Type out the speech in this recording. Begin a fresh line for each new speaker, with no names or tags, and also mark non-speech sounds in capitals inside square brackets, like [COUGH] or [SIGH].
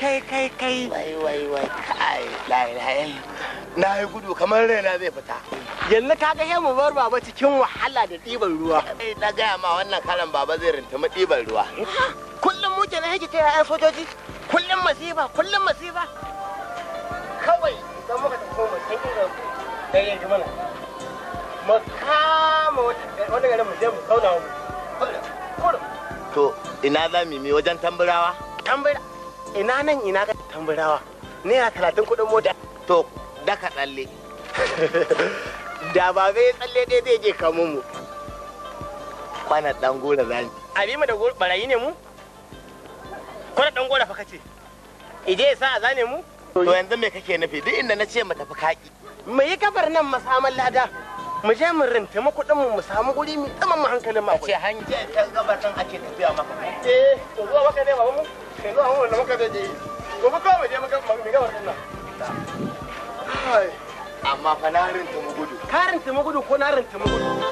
kai kai kai wai wai wai kai layi na yi gudu kamar raina zai fita yanzu ka ga mu bar baba cikin wahala da ɗiban ruwa eh, na gaya ma wannan kalan baba zai mu ɗiban ruwa kullum muke na yake ta yayan sojoji kullum masifa kullum masifa kawai idan muka tafi mu san irin da yake mana mu kama wani garin mu je mu kauna mu to ina za mu yi wajen tamburawa tambura ina nan ina ka ne naira talatin kudin mota to daka tsalle [LAUGHS] da ba zai tsalle dai zai je kamun mu kwanan dan gora za ni
abi mu da barayi ne mu kwana dan gora fa kace ije sa a zane mu
to yanzu me kake nufi duk inda na ce mu tafi kaki mu yi kabar nan mu samu lada mu je mu mu kuɗin mu mu samu guri mu tsama mu hankalin mu a ce hanyar can gabar nan ake tafiya maka eh to zuwa maka ne babu mu yanzu
an fa na rinta mugudu. ka rinta mugudu ko na rinta mugudu?